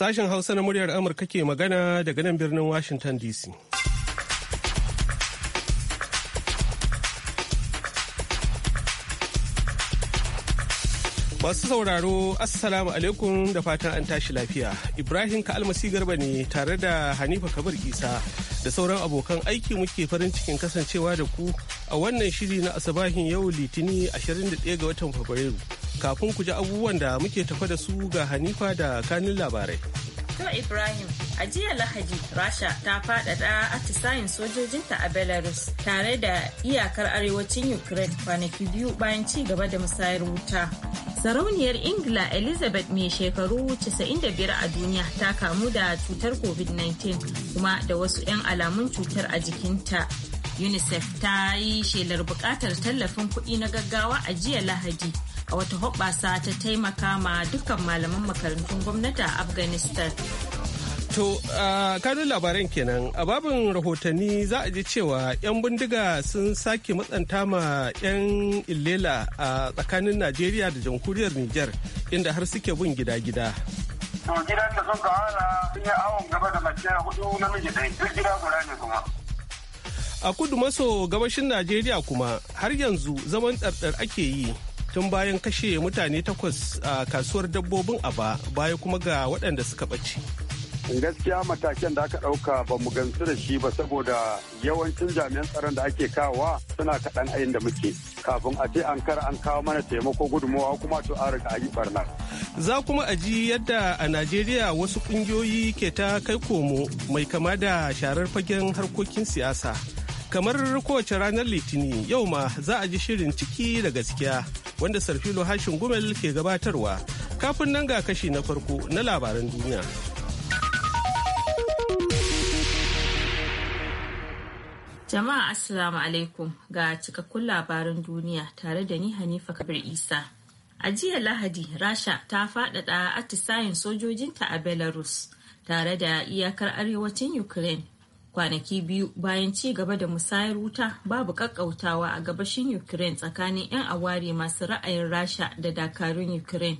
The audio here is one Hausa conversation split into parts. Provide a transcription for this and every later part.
Sashen Hausa na muryar Amurka ke magana daga nan birnin Washington DC. Masu sauraro, Assalamu alaikum da fatan an tashi lafiya. Ibrahim Ka'almasi Garba ne tare da Hanifa Kabir Isa da sauran abokan aiki muke farin cikin kasancewa da ku a wannan shiri na Asabahin yau Litini 21 ga watan Fabrairu. kafin ku ji abubuwan da muke tafa da su ga Hanifa da kanin labarai. To Ibrahim, a jiya Lahadi, Rasha ta faɗaɗa atisayin sojojinta a Belarus tare da iyakar arewacin Ukraine kwanaki biyu bayan ci gaba da musayar wuta. Sarauniyar Ingila Elizabeth mai shekaru 95 a duniya ta kamu da cutar COVID-19 kuma da wasu 'yan alamun cutar a jikinta. UNICEF ta yi shelar buƙatar tallafin kuɗi na gaggawa a jiya Lahadi. a wata hoɓɓasa ta taimaka ma dukkan malaman makarantun gwamnati a afghanistan To, a kanun labaran kenan a babin rahotanni za a ji cewa 'yan bindiga sun sake matsanta ma 'yan illela a tsakanin Najeriya da jamhuriyar Nijar inda har suke bin gida-gida. To, gidan da sun hana sun yi awon gaba da mace hudu ɗaya, duk gida guda ne kuma. A kudu maso gabashin Najeriya kuma har yanzu zaman ɗarɗar ake yi. tun bayan kashe mutane takwas a kasuwar dabbobin aba baya kuma ga waɗanda suka ɓace. gaskiya matakin da aka ɗauka ba mu gansu da shi ba saboda yawancin jami'an tsaron da ake kawa suna kaɗan ayin da muke kafin a ce an kara an kawo mana taimako gudunmawa kuma to an riga ayi barna. za kuma a ji yadda a najeriya wasu ƙungiyoyi ke ta kai komo mai kama da sharar fagen harkokin siyasa kamar kowace ranar litinin yau ma za a ji shirin ciki da gaskiya wanda sarfilo hashin gumel ke gabatarwa kafin nan ga kashi na farko na labaran duniya. Jama'a Assalamu alaikum ga cikakkun labaran duniya tare da ni Hanifa Kabir Isa. A jiya Lahadi, Rasha ta faɗaɗa atisayen sojojinta a Belarus tare da iyakar arewacin Ukraine kwanaki biyu bayan ci gaba da musayar wuta babu kakkautawa a gabashin ukraine tsakanin 'yan aware masu ra'ayin rasha da dakarun ukraine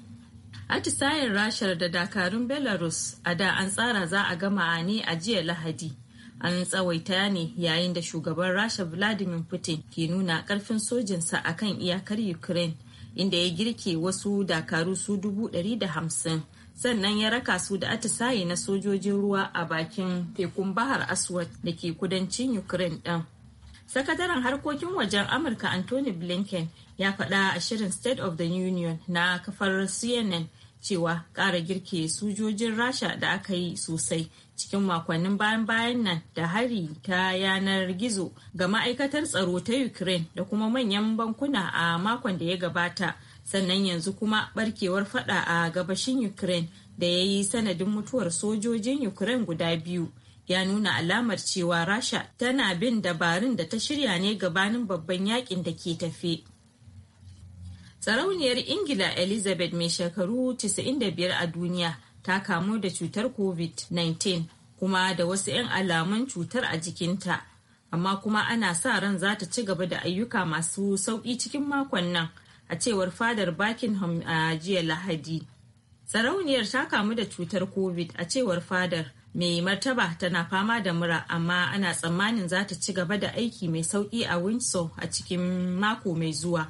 atisayen rashar da dakarun belarus a da an tsara za a gama ne a jiya lahadi an tsawaita ne yayin da shugaban rasha vladimir putin ke nuna karfin sojinsa a kan iyakar ukraine inda ya girke wasu dakaru su dubu da hamsin sannan ya raka su da atisaye na sojojin ruwa a bakin tekun bahar aswad da ke kudancin ukraine ɗin sakataren harkokin wajen amurka anthony blinken ya faɗa a shirin state of the union na kafar cnn cewa ƙara girke sojojin rasha da aka yi sosai cikin makonnin bayan-bayan nan da hari ta yanar gizo ga ma'aikatar tsaro ta ukraine da kuma manyan bankuna a makon da ya gabata sannan yanzu kuma barkewar fada a gabashin ukraine da ya yi sanadin mutuwar sojojin ukraine guda biyu ya nuna alamar cewa rasha tana bin dabarun da ta shirya ne gabanin babban yakin da ke tafe sarauniyar ingila elizabeth mai shekaru 95 a duniya ta kamu da cutar covid-19 kuma da wasu 'yan alamun cutar a jikinta amma kuma ana sa ran za ta ci gaba da ayyuka masu sauƙi cikin makon nan a cewar fadar buckingham a jiya lahadi sarauniyar ta kamu da cutar covid a cewar fadar mai martaba tana fama da mura amma ana tsammanin za ta ci gaba da aiki mai sauki a windsor a cikin mako mai zuwa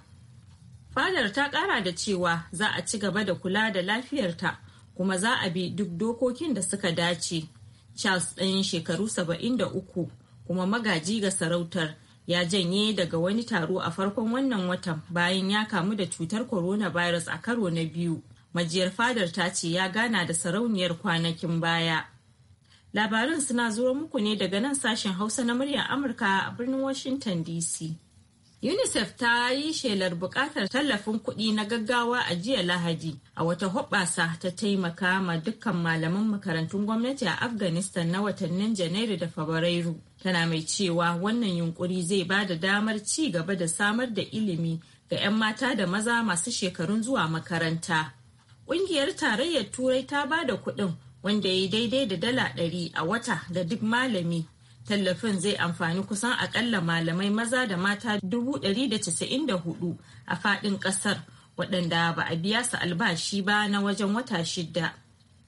fadar ta kara da cewa za a ci gaba da kula da lafiyarta kuma za a bi duk dokokin da suka dace charles ɗayan shekaru 73 kuma magaji ga sarautar ya janye daga wani taro a farkon wannan watan bayan ya kamu da cutar coronavirus a karo na biyu majiyar fadar ta ce ya gana da sarauniyar kwanakin baya labarin suna zuwa muku ne daga nan sashen hausa na muryar amurka a birnin washington dc UNICEF ta yi shelar buƙatar tallafin kuɗi na gaggawa a jiya Lahadi a wata hoɓɓasa ta taimaka ma dukkan malaman makarantun gwamnati a Afghanistan na watannin Janairu da Fabrairu. Tana mai cewa wannan yunkuri zai ba da damar ci gaba da samar da ilimi ga 'yan mata da maza masu shekarun zuwa makaranta. Ƙungiyar Tarayyar Turai ta ba da kuɗin wanda ya daidai da dala ɗari a wata ga duk malami Tallafin zai amfani kusan akalla malamai maza da mata 194 a faɗin ƙasar waɗanda ba a biya su albashi ba na wajen wata shida.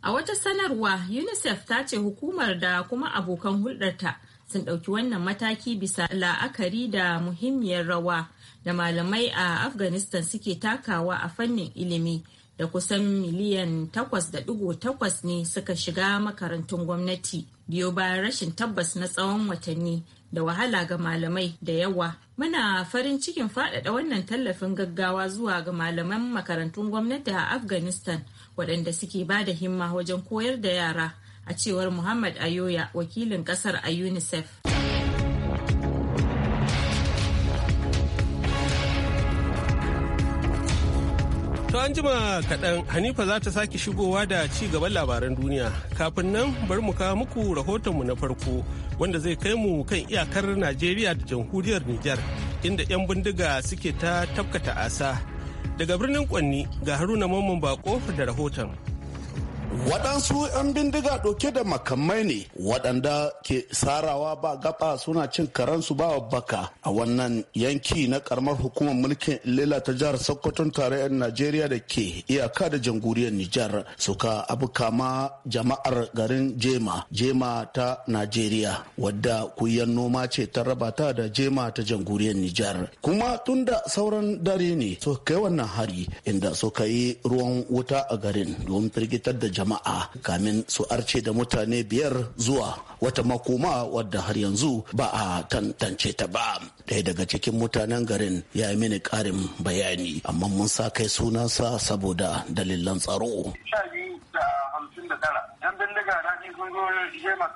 A wata sanarwa UNICEF ta ce hukumar da kuma abokan hulɗarta sun ɗauki wannan mataki bisa la'akari da muhimmiyar rawa da malamai a Afghanistan suke takawa a fannin ilimi da kusan miliyan 8.8 ne suka shiga makarantun gwamnati. biyo bayan rashin tabbas na tsawon watanni da wahala ga malamai da yawa muna farin cikin faɗaɗa wannan tallafin gaggawa zuwa ga malaman makarantun gwamnati a afghanistan waɗanda suke ba da himma wajen koyar da yara a cewar muhammad ayoya wakilin ƙasar a unicef To an jima kaɗan Hanifa za ta sake shigowa da ci gaban labaran duniya. Kafin nan bari mu kawo muku rahotonmu na farko wanda zai kai mu kan iyakar Najeriya da jamhuriyar Nijar inda 'yan bindiga suke ta tafkata asa. Daga birnin Kwanni ga Haruna Mamman Bako da rahoton. waɗansu 'yan bindiga ɗauke da makamai ne waɗanda ke sarawa ba gaba suna cin karansu ba baka a wannan yanki na karamar hukumar mulkin lela ta jihar sokoton tarayyar najeriya da ke iyaka da jamhuriyar nijar suka abukama kama jama'ar garin jema jema ta najeriya wadda kuyan noma ce ta raba ta da jema ta jamhuriyar nijar kuma tun da sauran dare ne suka kai wannan hari inda suka yi ruwan wuta a garin don firgitar da jama'a kamin su arce da mutane biyar zuwa wata makoma wadda har yanzu ba a tantance ta ba ɗaya daga cikin mutanen garin ya yi mini ƙarin bayani amma mun sa kai sunansa saboda dalilan tsaro da tara yan bindiga na ji sun zo jema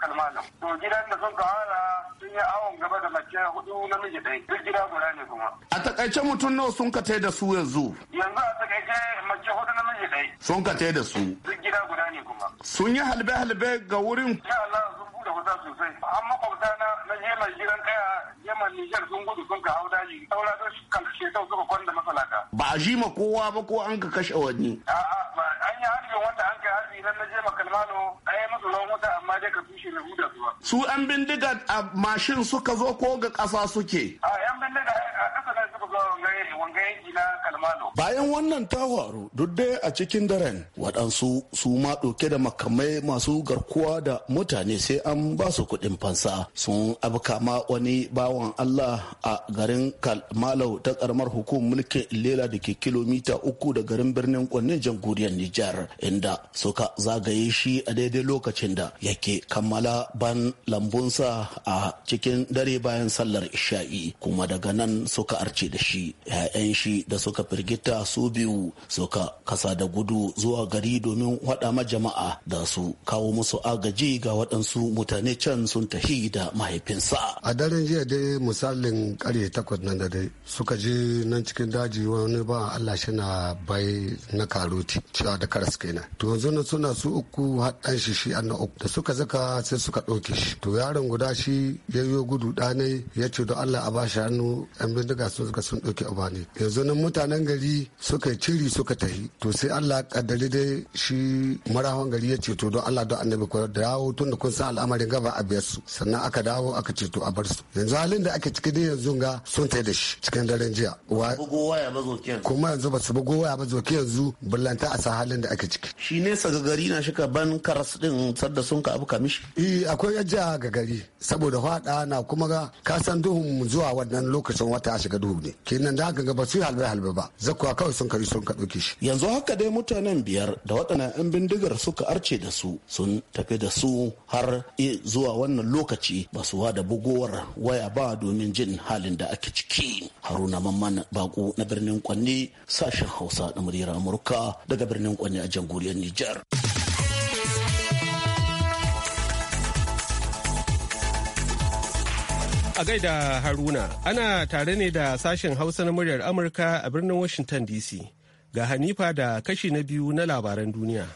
to gidan da sun kawara sun yi awon gaba da mace hudu namiji ɗaya duk gida guda ne kuma a takaice mutum nawa sun ka da su yanzu yanzu a takaice mace hudu miji ɗaya sun ka da su duk gida guda ne kuma sun yi halbe-halbe ga wurin ya Allah sun bude wata sosai an makwabta na na yemen gidan kaya yemen Nijar sun gudu sun ka hau daji saura sun kan shekau suka kwanda masalaka ba a ji ma kowa ba ko an ka kashe wani a'a ba an yi harbin wanda an kai harbi na na jema kama kalmano a yi masa ruwan wuta amma dai ka tushe na huda zuwa. su yan bindiga a mashin suka zo ko ga kasa suke. a yan bindiga a ƙasa ne suka zo wangaye wangaye na almano. Bayan wannan ta faru duk dai a cikin daren waɗansu su ma ɗauke da makamai masu garkuwa da mutane sai an ba su kuɗin fansa sun abka ma wani bawan Allah a garin Kalmalau ta karamar hukumar mulkin Lela da ke kilomita uku da garin birnin Kwanne jamhuriyar Nijar inda suka zagaye shi a daidai lokacin da yake kammala ban lambunsa a cikin dare bayan sallar isha'i kuma daga nan suka arce da shi 'ya'yan shi da suka firgita su biyu suka kasa da gudu zuwa gari domin waɗa ma jama'a da su kawo musu agaji ga waɗansu mutane can sun tahi da mahaifinsa. A daren jiya dai misalin karye takwas nan da dai suka je nan cikin daji wani ba Allah shi na bai na karoti cewa da karas kenan. To yanzu na suna su uku haɗan shi shi an uku da suka zaka sai suka ɗauke shi. To yaron guda shi ya yi gudu ɗanai ya ce don Allah a shi hannu 'yan bindiga sun suka sun ɗauke uba ne. Yanzu nan mutane nan gari suka ciri suka tafi to sai Allah kaddare dai shi marahon gari ya ceto don Allah don annabi ko dawo tun da kun san al'amarin gaba a biyar su sannan aka dawo aka ceto a bar su yanzu halin da ake ciki dai yanzu ga sun tai da shi cikin daren jiya kuma yanzu ba su bugo waya ba zoke yanzu bullanta a sa halin da ake ciki shi ne sa gari na shi ban karas din sadda sun ka abu kamishi eh akwai yajja ga gari saboda fada na kuma ga ka san duhun zuwa wannan lokacin wata a shiga duhu ne kenan da aka ga ba su halbe halbe ba zakwa kawai sun kari sun ka ɗauke shi yanzu haka dai mutanen biyar da waɗannan 'yan bindigar suka arce da su sun tafi da su har zuwa wannan lokaci ba su da bugowar waya ba domin jin halin da ake ciki haruna mamman bako na birnin kwanne sashen hausa na muryar amurka daga birnin kwanne a jamhuriyar nijar A gaida Haruna, ana tare ne da sashen Hausa na muryar Amurka a birnin Washington DC. Ga Hanifa da kashi na biyu na labaran duniya.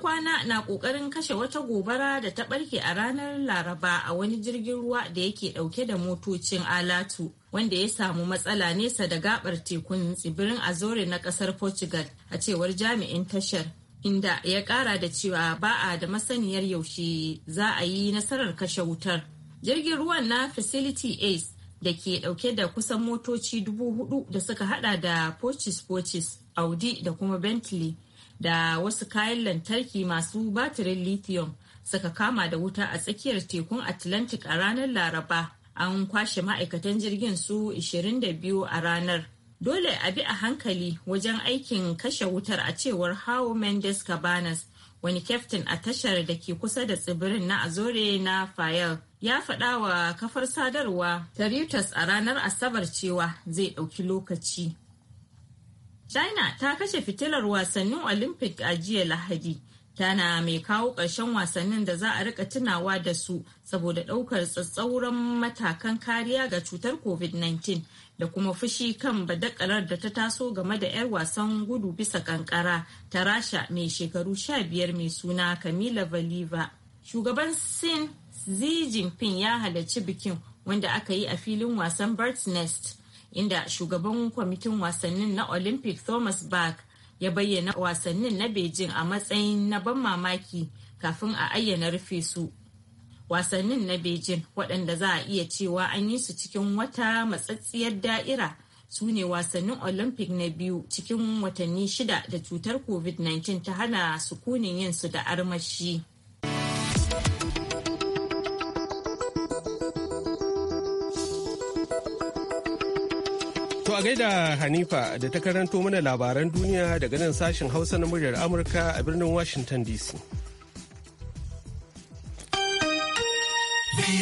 kwana na kokarin kashe wata gobara da ta barke a ranar laraba a wani jirgin ruwa da yake dauke da motocin alatu wanda ya samu matsala nesa da gabar tekun tsibirin azore na kasar portugal a cewar jami'in tashar inda ya kara da cewa ba a da masaniyar yaushe za a yi nasarar kashe wutar jirgin ruwan na facility ace da ke dauke da kusan motoci dubu hudu da suka hada da porches porches audi da kuma bentley da wasu kayan lantarki masu batirin lithium suka kama da wuta a tsakiyar tekun atlantic a ranar laraba an kwashe ma'aikatan jirgin su 22 a ranar dole a bi a hankali wajen aikin kashe wutar a cewar Hao Mendes Cabanas wani kyaftin a tashar da ke kusa da tsibirin na Azore na Fayel. Ya faɗa wa kafar sadarwa ta Reuters a ranar Asabar cewa zai ɗauki lokaci. China ta kashe fitilar wasannin Olympic a jiya Lahadi. Tana mai kawo ƙarshen wasannin da za a rika tunawa da su saboda ɗaukar tsatsauran matakan kariya ga cutar COVID-19 da kuma fushi kan badakalar da ta taso game da 'yar wasan gudu bisa kankara ta rasha mai shekaru 15 mai suna kamila valiva shugaban sin xi jinping ya halarci bikin wanda aka yi a filin wasan birds nest inda shugaban kwamitin wasannin na olympic thomas bach ya bayyana wasannin na beijing a matsayin na ban mamaki kafin a ayyana rufe su wasannin na beijing waɗanda za a iya cewa an yi su cikin wata matsatsiyar da'ira su ne wasannin olympic na biyu cikin watanni shida da cutar covid-19 ta hana sukunin yin su da armashi To a gaida Hanifa da ta karanto mana labaran duniya daga nan sashen Hausa na muryar Amurka a birnin Washington DC. To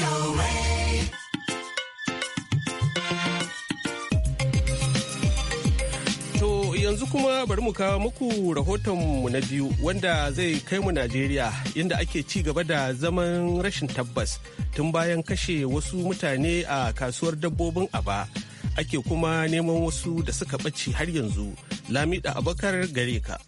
yanzu kuma bari mu kawo muku mu na biyu wanda zai kai mu Najeriya inda ake ci gaba da zaman rashin tabbas tun bayan kashe wasu mutane a kasuwar dabbobin aba ake kuma neman wasu da suka ɓace har yanzu lamida abakar gare ka.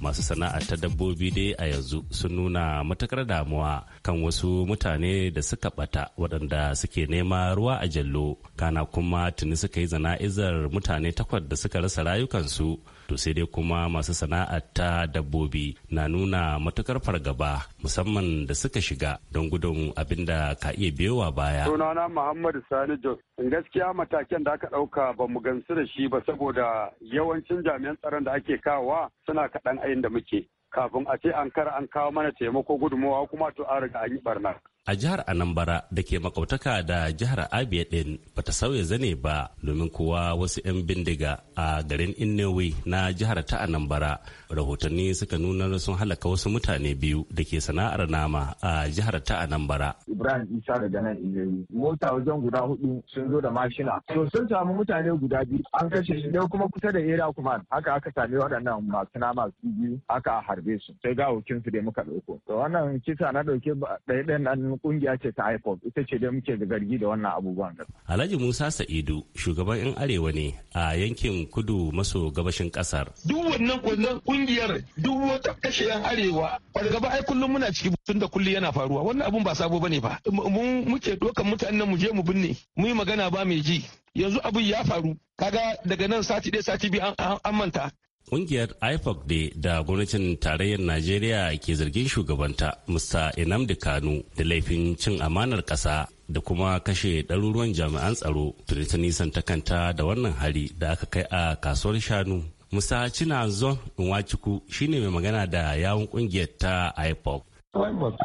masu sana'a ta dabbobi dai a yanzu sun nuna matukar damuwa kan wasu mutane da suka bata waɗanda suke nema ruwa a jallo kana kuma tuni suka yi zana'izar mutane takwas da suka rasa rayukansu to sai dai kuma masu sana'a ta dabbobi na nuna matukar fargaba musamman da suka shiga don gudun abin da ka iya biyowa baya. Sunana Muhammadu Sani Jos gaskiya mataken da aka ɗauka ba mu gansu da shi ba saboda yawancin jami'an tsaron da ake kawowa suna kaɗan ayin da muke kafin a ce an kara an kawo mana taimako gudunmawa kuma to an riga an yi barna a jihar anambra da ke makautaka da jihar abia din bata sauya zane ba domin kuwa wasu 'yan bindiga a garin innewi na jihar ta anambra rahotanni suka nuna sun halaka wasu mutane biyu da ke sana'ar nama a jihar ta anambra ibrahim isa daga nan innewi mota wajen guda hudu sun zo da mashina to sun samu mutane guda biyu an kashe shi kuma kusa da era kuma haka aka sami waɗannan masu nama su biyu aka harbe su sai gawokin su da muka ɗauko to wannan kisa na ɗauke ɗaya ɗayan kungiya ce ta ifop ita ce da muke gargi da wannan abubuwan. Alhaji Musa Sa'idu shugaban 'yan arewa ne a yankin kudu maso gabashin kasar. Duk wannan kwallon kungiyar duk wata kashe 'yan arewa fargaba ai kullum muna ciki tun da kullum yana faruwa wannan abun ba sabo bane ba. Mu muke dokan mutanen mu je mu binne mu yi magana ba mai ji yanzu abin ya faru kaga daga nan sati ɗaya sati biyu an manta Ƙungiyar IFOC ne da gwamnatin tarayyar Najeriya ke zargin shugabanta Mr. Enamdi Kanu da laifin cin amanar ƙasa da kuma kashe ɗaruruwan jami'an tsaro tuni ta nisan ta kanta da wannan hari da aka kai a kasuwar shanu. Musa Zon Nwachukwu shine mai magana da yawun ƙungiyar ta IFOC. Why must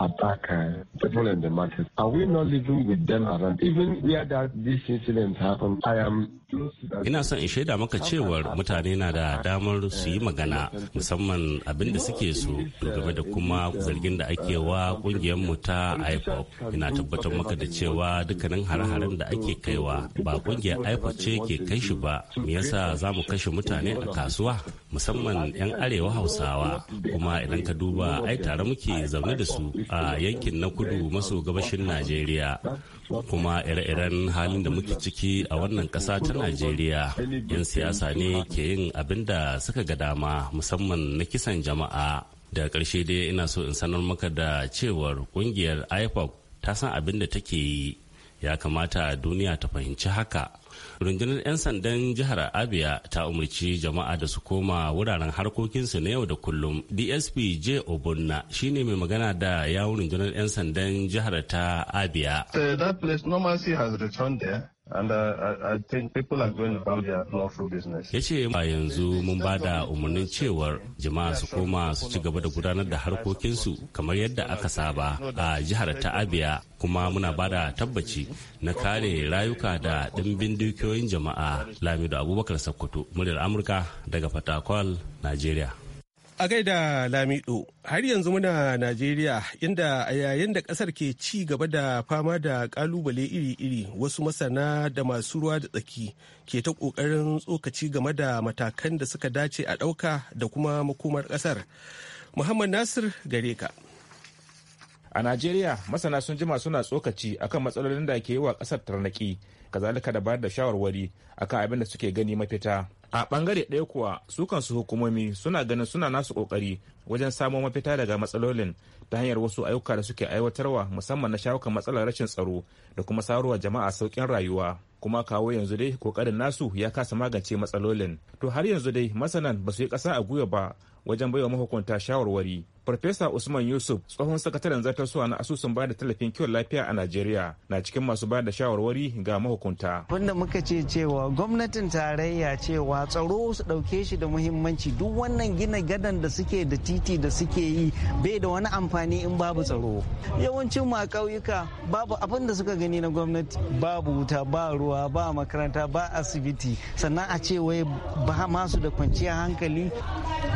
attack eh, people in the market? Are we not living with them around? Even where that this incident happened, I am Ina son in shaida maka cewar mutane na da damar su yi magana musamman abin da suke so game da kuma zargin da ake wa kungiyar ta IPOP. Ina tabbatar maka da cewa dukkanin hare-haren da ake kaiwa ba kungiyar IPOP ce ke kai shi ba. Me yasa za mu kashe mutane a kasuwa musamman 'yan arewa Hausawa kuma idan ka duba ai taron muke zaune da su a yankin na kudu maso gabashin najeriya kuma ire-iren halin da muke ciki a wannan ƙasa ta najeriya 'yan siyasa ne ke yin abin da suka ga dama musamman na kisan jama'a da ƙarshe dai ina so in sanar maka da cewar ƙungiyar ipoc ta san abin da take yi ya kamata duniya ta fahimci haka rundunar 'yan sandan jihar abia ta umarci jama'a da su koma wuraren harkokinsu na yau da kullum dsp j obonna shine mai magana da yawun rundunar 'yan sandan jihar ta abia and uh, I, Ya ce ba yanzu mun ba da umarnin cewar jama'a su koma su ci gaba da gudanar da harkokinsu kamar yadda aka saba a jihar ta Abia kuma muna ba da tabbaci na kare rayuka da ɗimbin dukiyoyin jama'a Lamido Abubakar Sokoto muryar Amurka daga Fatakwal, nigeria. A gaida Lamido, har yanzu muna Najeriya inda a yayin da ƙasar ke ci gaba da fama da ƙalubale iri-iri wasu masana da masu ruwa da tsaki ke ta ƙoƙarin tsokaci game da matakan da suka dace a ɗauka da kuma makomar ƙasar. Muhammad Nasir gare ka. A Najeriya masana sun jima suna tsokaci akan matsalolin da ke yi wa ƙasar tarnaki, kazalika da bayar da shawarwari akan abin da suke gani mafita. a bangare ɗaya kuwa su kansu hukumomi suna ganin suna nasu kokari wajen samo mafita daga matsalolin ta hanyar wasu ayyuka da suke aiwatarwa musamman na shawo matsalar rashin tsaro da kuma saruwa jama'a sauƙin rayuwa kuma kawo yanzu dai kokarin nasu ya kasa magance matsalolin to har yanzu dai masanan ba su yi ƙasa a gwiwa ba wajen baiwa mahukunta shawarwari Farfesa Usman Yusuf, tsohon sakataren zartarsuwa na asusun bada tallafin kiwon lafiya a Najeriya, na cikin masu bada da shawarwari ga mahukunta. Wanda muka ce cewa gwamnatin tarayya cewa tsaro su ɗauke shi da muhimmanci duk wannan gina gadan da suke da titi da suke yi bai da wani amfani in babu tsaro. Yawancin ma ƙauyuka babu abin da suka gani na gwamnati babu wuta ba ruwa ba makaranta ba asibiti sannan a ce wai ba masu da kwanciyar hankali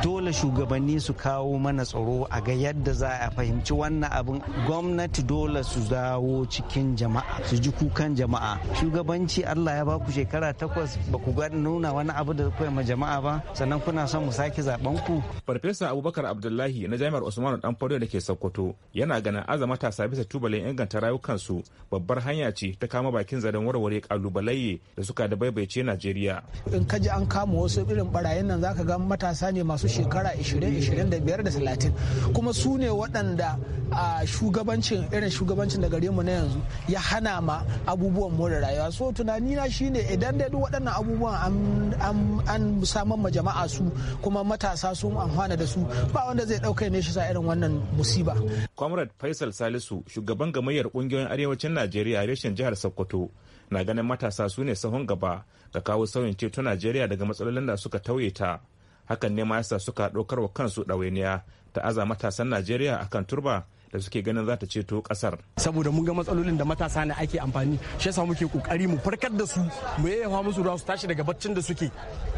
dole shugabanni su kawo mana tsaro a ga yadda za a fahimci wannan abin gwamnati dole su dawo cikin jama'a su ji kukan jama'a shugabanci allah ya baku shekara takwas ba ku nuna wani abu da kuwa ma jama'a ba sannan kuna son mu sake zaben ku farfesa abubakar abdullahi na jami'ar usmanu dan da ke sokoto yana ganin ta matasa bisa tubalin inganta rayukansu babbar hanya ce ta kama bakin zaren warware kalubalaiye da suka da baibaice najeriya in ji an kama wasu irin barayin nan zaka ga matasa ne masu shekara 20 25 da 30 kuma su ne waɗanda a shugabancin irin shugabancin da gare mu na yanzu ya hana ma abubuwan more rayuwa so tunani na shine idan da waɗannan abubuwan an samar ma jama'a su kuma matasa su amfana da su ba wanda zai ɗauka ne shi sa irin wannan musiba. comrade faisal salisu shugaban gamayyar ƙungiyoyin arewacin najeriya reshen jihar sokoto na ganin matasa su ne sahun gaba ga kawo sauyin ceto najeriya daga matsalolin da suka tauye ta hakan ne ma yasa suka ɗaukar wa kansu ɗawainiya ta aza matasan najeriya akan turba da suke ganin za ta ceto kasar. Saboda mun ga matsalolin da matasa ne ake amfani shi yasa muke kokari mu farkar da su mu yayyafa musu ruwa su tashi daga baccin da suke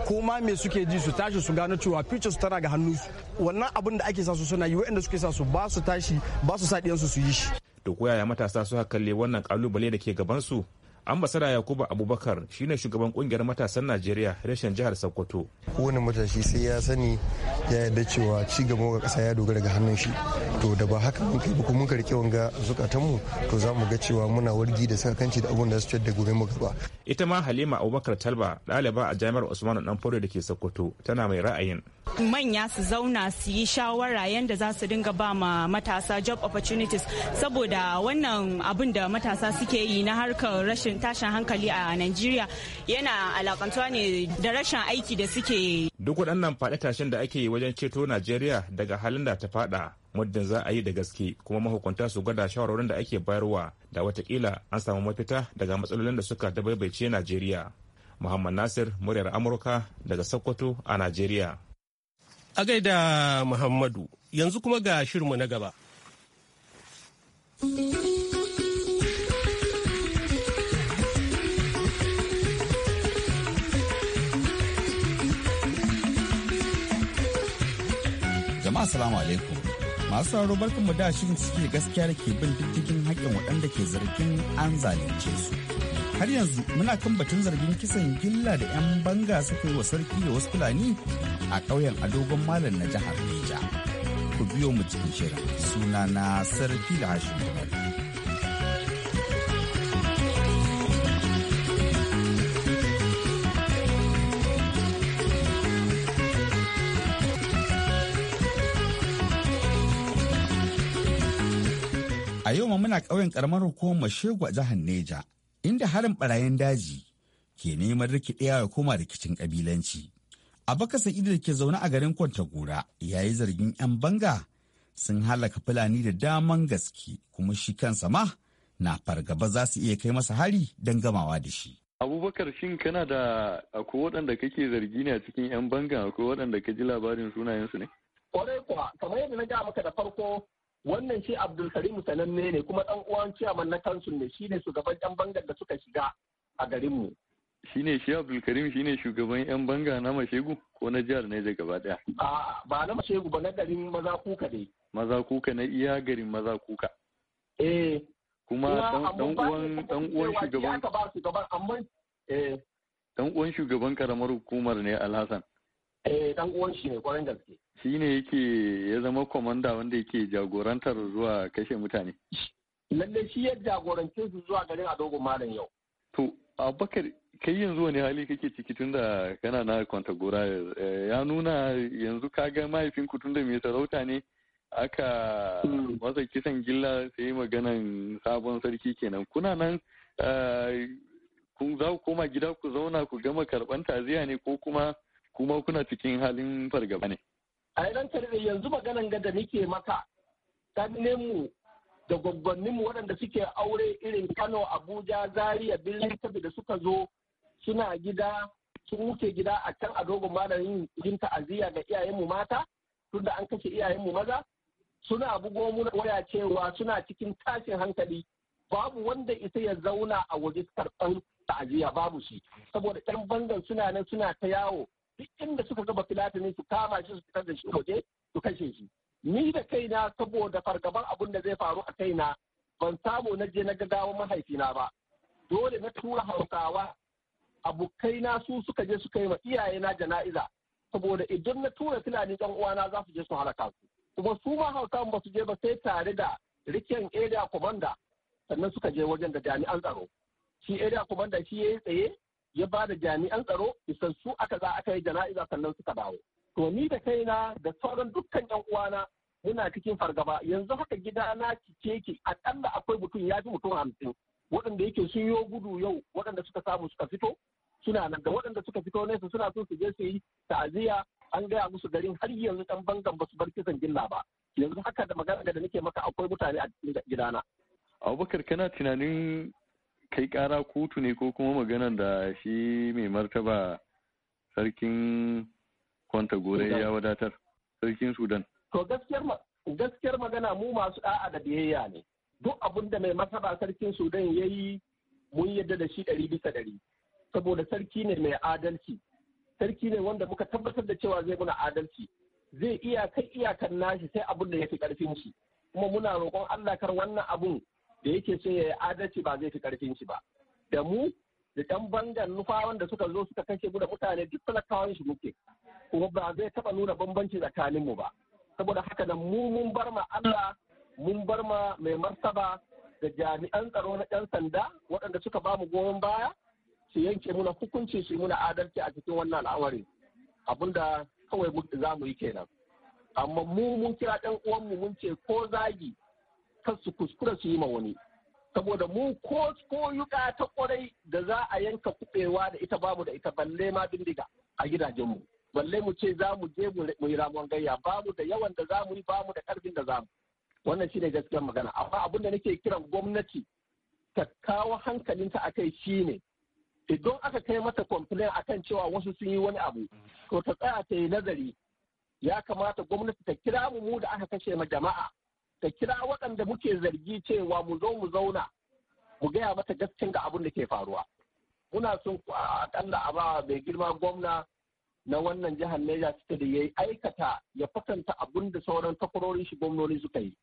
ko ma me suke ji su tashi su gano cewa future su tana ga hannu su wannan abin da ake sa su suna yi waɗanda suke sa su ba su tashi ba su sa su su yi shi. To ko matasa su kalle wannan kalubale da ke gaban su ambasada yakubu abubakar shine shugaban kungiyar matasan najeriya reshen jihar sokoto kowane matashi sai ya sani ya yarda cewa ci gaban ga kasa ya dogara ga hannun shi to da ba haka mun kai mun karke wanga zukatanmu to za mu ga cewa muna wargi da sakakanci da abun da su da gobe mu gaba ita ma halima abubakar talba ɗaliba a jami'ar usmanu danfore da ke sokoto tana mai ra'ayin manya su zauna su yi shawara yadda za su dinga ba ma matasa job opportunities saboda wannan abin da matasa suke yi na harkar rashin irin tashin hankali a Najeriya yana alakantuwa ne da rashin aiki da suke. Duk waɗannan faɗi tashin da ake yi wajen ceto Najeriya daga halin da ta faɗa muddin za a yi da gaske kuma mahukunta su gwada shawarorin da ake bayarwa da watakila an samu mafita daga matsalolin da suka dabaibaice Najeriya. Muhammad Nasir muryar Amurka daga Sokoto a Najeriya. A gaida Muhammadu yanzu kuma ga shirmu na gaba. Jama'a salamu alaikum. Masu sauraro barkanmu da shirin suke gaskiya da ke bin diddigin haƙƙin waɗanda ke zargin an zalunce su. Har yanzu muna kan batun zargin kisan gilla da 'yan banga suka yi wa sarki da wasu Fulani a ƙauyen Adogon Malam na jihar Neja. Ku biyo mu cikin shirin sunana Sarki da Hashim A yau ma muna ƙauyen ƙaramar hukumar Mashegwa jihar Neja, inda harin barayin daji ke neman rikidewa ya koma rikicin ƙabilanci. Abaka Sa'idu da ke zaune a garin Kwantagora ya yi zargin 'yan banga sun halaka Fulani da daman gaske kuma shi kansa ma na fargaba za su iya kai masa hari don gamawa da shi. abubakar shin kana da akwai waɗanda kake zargi ne a cikin 'yan banga akwai waɗanda ka ji labarin sunayensu ne kwarai kuwa kamar yadda na gaya maka da farko wannan shi abdul karimu sananne ne kuma dan uwan ciyaman na kansul ne shine shugaban yan bangar da suka shiga a garinmu shine shi abdul karim shine shugaban yan banga na mashegu ko na jihar ne gaba daya a ba na mashegu ba na garin maza kuka dai maza kuka na iya garin maza kuka eh kuma dan uwan dan uwan shugaban amma eh dan uwan shugaban karamar hukumar ne alhassan eh dan uwan shi gaske shi yake ya zama komanda wanda yake jagorantar zuwa kashe mutane lalle shi ya jagorance su zuwa garin dogon malam yau to abubakar kai yanzu wani hali kake ciki tun da kana na kwantagora eh, ya nuna yanzu ka ga mahaifinku tun da mai sarauta ne aka hmm. masa kisan gilla sai maganan sabon sarki kenan kuna nan eh, kun za ku koma gida ku zauna ku gama karban taziya ne ko kuma kuma kuna cikin halin fargaba ne. A ran tarihi yanzu maganan ga da nake maka mu da mu waɗanda suke aure irin Kano, Abuja, Zaria, Birnin Kebbi da suka zo suna gida sun wuce gida a can a dogon malamin yin ta'aziyya ga iyayenmu mata tunda an kashe iyayenmu maza suna bugo mu waya cewa suna cikin tashin hankali babu wanda isa ya zauna a waje karɓar ta'aziyya babu shi saboda ƴan bangan suna nan suna ta yawo duk inda suka gaba filatini su kama shi su fitar da shi waje su kashe shi ni da kaina saboda fargaban abun da zai faru a kaina ban samu na je na ga gaggawa mahaifina ba dole na tura hausawa abokaina su suka je suka yi ma iyayena jana'iza saboda idan na tura filani ɗan uwana za su je su halaka su kuma su ma hausawan ba su je ba sai tare da rikin area commander sannan suka je wajen da jami'an tsaro shi area commander shi ya yi tsaye ya ba da jami'an tsaro isassu aka za aka yi jana'iza sannan suka dawo to ni da kaina da sauran dukkan yan uwana muna cikin fargaba yanzu haka gida na cike ki akalla akwai mutum ya fi mutum hamsin waɗanda yake sun yo gudu yau waɗanda suka samu suka fito suna nan da waɗanda suka fito nesa suna so su je su yi ta'aziyya an gaya musu garin har yanzu dan bangan ba su bar kisan gilla ba yanzu haka da magana da nake maka akwai mutane a cikin gidana. Abubakar kana tunanin kai kara kotu ne ko kuma magana da shi mai martaba sarkin kwanta gore ya wadatar sarkin sudan to gaskiyar magana mu masu da'a da biyayya ne duk abin da mai martaba sarkin sudan ya yi mun yadda da shi ɗari bisa ɗari saboda sarki ne mai adalci sarki ne wanda muka tabbatar da cewa zai muna adalci zai iya kai iyakan nashi sai abin da ya fi ƙarfin shi kuma muna roƙon allah kar wannan abun da yake so ya yi adalci ba zai fi karfin shi ba da mu da ɗan bangan nufawan da suka zo suka kashe mu da mutane duk talakawan shi muke kuma ba zai taɓa nuna bambanci tsakaninmu ba saboda haka nan mu mun bar ma Allah mun bar ma mai martaba da jami'an tsaro na ɗan sanda waɗanda suka ba mu goyon baya su yanke muna hukunci su muna adalci a cikin wannan al'amari abinda kawai za mu yi kenan amma mu mun kira ɗan uwanmu mun ce ko zagi kar su kuskura su yi ma wani saboda mu ko yuka ta kwarai da za a yanka kubewa da ita babu da ita balle ma bindiga a gidajenmu balle mu ce za mu je mu yi ramon gayya babu da yawan da za mu yi babu da karfin da za mu wannan shine gaskiyar magana amma abin da nake kiran gwamnati ta kawo hankalinta a kai shine idan aka kai mata complain akan cewa wasu sun yi wani abu to ta tsaya ta yi nazari ya kamata gwamnati ta kira mu mu da aka kashe ma jama'a ta kira waɗanda muke zargi cewa mu zo mu zauna mu gaya mata gaskin ga abin da ke faruwa muna son akalla a ba mai girma gwamna na wannan jihar Niger State da ya aikata ya fasanta abin da sauran takwarorin shi gwamnoni suka yi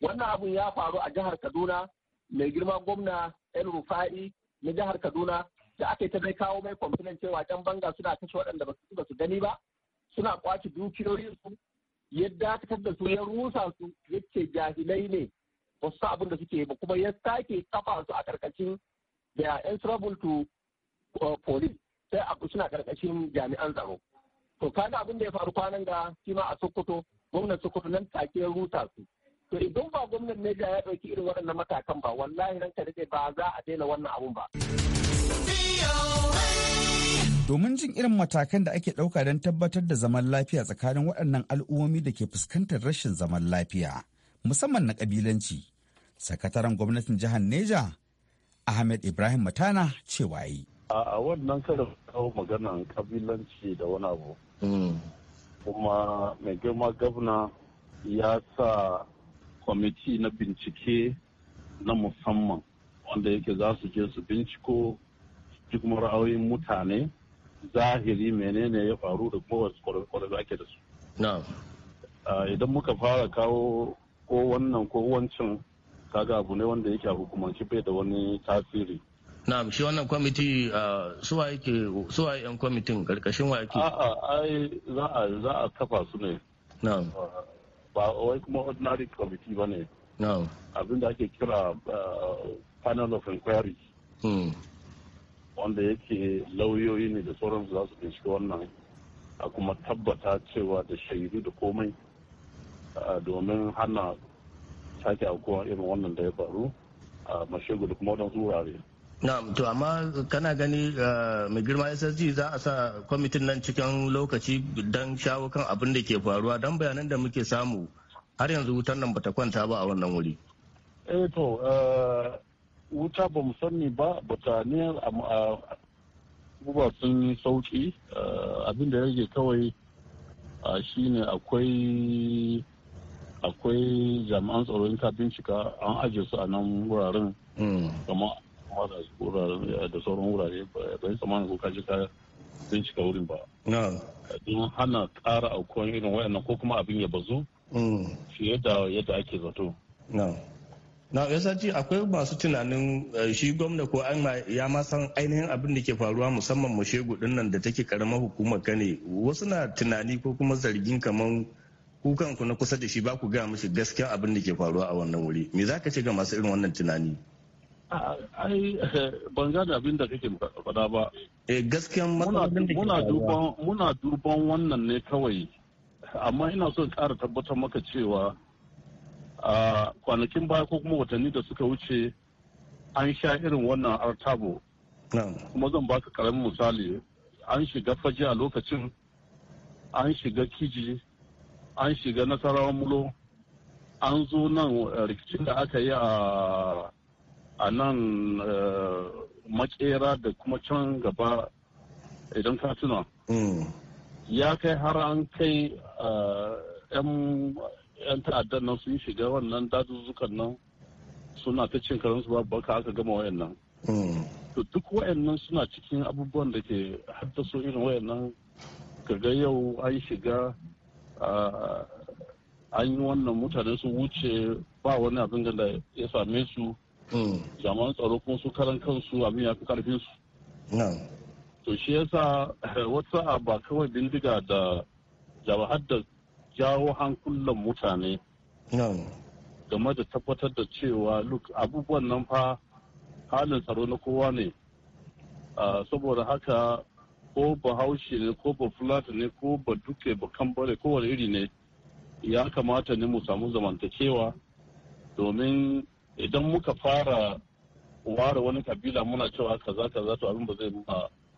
wannan abun ya faru a jihar Kaduna mai girma gwamna El Rufai na jihar Kaduna da aka yi ta mai kawo mai kwamfilan cewa can banga suna kashe waɗanda ba su gani ba suna kwace dukiyoyinsu ya dakatar da su ya rusa su ya ce jahilai ne ba su abin da suke ba kuma ya sake kafa su a karkashin da yan trouble to uh, police sai a suna karkashin jami'an tsaro to kada abin da ya faru kwanan ga shi ma a sokoto gwamnan sokoto nan take rusa su to idan ba gwamnan ne ya dauki irin waɗannan matakan ba wallahi ranka da ba za a daina wannan abun ba. domin jin irin matakan da ake ɗauka don tabbatar da zaman lafiya tsakanin waɗannan al'ummomi da ke fuskantar rashin zaman lafiya musamman na ƙabilanci sakataren gwamnatin jihar neja ahmed ibrahim matana cewa yi a wannan kada kawo maganan ƙabilanci da wani abu hmm. kuma mai girma gabna ya sa kwamiti na bincike na musamman wanda yake za su je su binciko duk ra'ayoyin mutane zahiri menene ya faru da kuma kwarar da ake da su idan muka fara kawo ko wannan ko wancan kaga abu ne wanda yake a hukumanci bai da wani tasiri na'am shi wannan kwamiti suwa yake suwa yan kwamitin karkashin wa yake a'a ai za a za a kafa su ne na'am ba wai kuma ordinary committee ne. na'am abin da ake kira panel of inquiry hmm. wanda yake lauyoyi ne da sauransu za su binciki wannan a kuma tabbata cewa da shaidu da komai domin hana sake akuwa irin wannan da ya faru a mashegu da kuma wadansu wurare na to amma kana gani mai girma ssg za a sa kwamitin nan cikin lokaci don shawo kan abin da ke faruwa don bayanan da muke samu har yanzu wutan nan bata kwanta ba a wannan wuri eh to wuta ba mu sani ba bataniyar abubuwa sun yi sauki eh, abin da ya rage kawai shine akwai akwai jami'an tsaron ka bincika an ajiye su a nan wuraren hmm. kama eh, da sauran wurare bai tsamanin ko kaji ka bincika wurin ba don hana ƙara aukuwan irin wayannan ko kuma abin ya bazu hmm. fiye da yadda ake zato na yasanci akwai masu tunanin eh, shi gwamna ko an ya ma san ainihin abin da ke faruwa musamman mu shegu nan da take karamar hukumar ne wasu na tunani ko kuma zargin kaman kukan ku na kusa da shi ba ku gaya mishi gaskiya abin da ke faruwa a wannan wuri me za ka ce ga masu irin wannan tunani ai ban gane abin da kake faɗa ba eh, gaskiyan muna duban muna duban wannan ne kawai amma ina son ƙara tabbatar maka cewa a kwanakin baya ko kuma watanni da suka wuce an sha irin wannan artabo kuma zan baka karamin misali an shiga faji a lokacin an shiga kiji an shiga nasarawa mulo an zo nan eh, rikicin da aka yi a nan eh, makera da kuma can gaba idan ka mm. ya kai har an kai 'yan eh, 'yan ta'addan nan sun shiga wannan dazuzzukan nan suna ta cin su babu baka aka gama wayannan. Hmm. To duk wayannan suna cikin abubuwan da ke haddasa irin wayannan kaga yau an shiga an yi wannan mutane su wuce ba wani abin da ya same su hmm. jaman tsaro kuma su karan kansu abin ya fi karfin su. To shi yasa eh, wata ba kawai bindiga da jama'ar da jawo hankulan mutane game da tabbatar da cewa look abubuwan nan fa halin tsaro na kowa ne ah, saboda haka ko bahaushe ne ko ba fulata ne ko ba duke ba kambare ko wani iri ne ya kamata ne mu samu zamantakewa domin idan muka fara ware wani kabila muna cewa kaza kaza to abin ba zai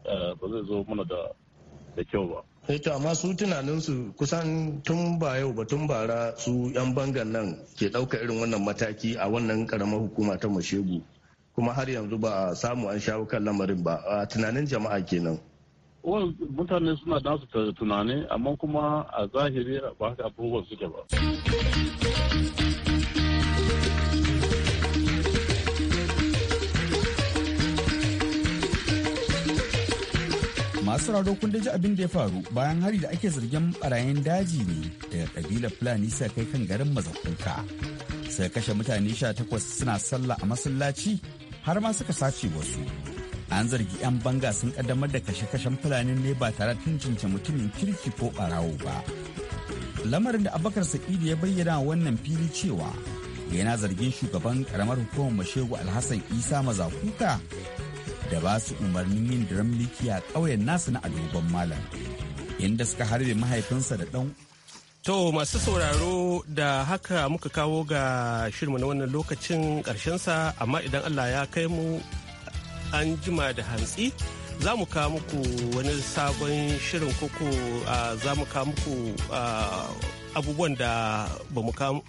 eh, zo mana da kyau ba e to amma su tunaninsu kusan tun ba yau ba tun bara su yan bangan nan ke ɗauka irin wannan mataki a wannan karamar hukuma ta mashegu kuma har yanzu ba a samu an shawo kan lamarin ba a tunanin jama'a kenan wani mutane suna nasu tunani amma kuma a zahiri ba haka abubuwan suke ba masu rado kun daji abin da ya faru bayan hari da ake zargin barayin daji ne daga kabilar fulani suka kai kan garin mazakunka sai kashe mutane sha takwas suna sallah a masallaci har ma suka sace wasu an zargi 'yan banga sun kaddamar da kashe-kashen fulanin ne ba tare da cince mutumin kirki ko barawo ba lamarin da abakar sa'idu ya bayyana wannan fili cewa yana zargin shugaban karamar hukumar mashegu alhassan isa mazakuka da ba su umarnin yin daren miliki a ƙauyen nasu na adogon malam inda suka harbe mahaifinsa da ɗan To masu sauraro da haka muka kawo ga shirma na wannan lokacin sa amma idan Allah ya kai mu an jima da hantsi za mu kawo muku wani sabon shirin koko za mu kawo muku abubuwan da ba mu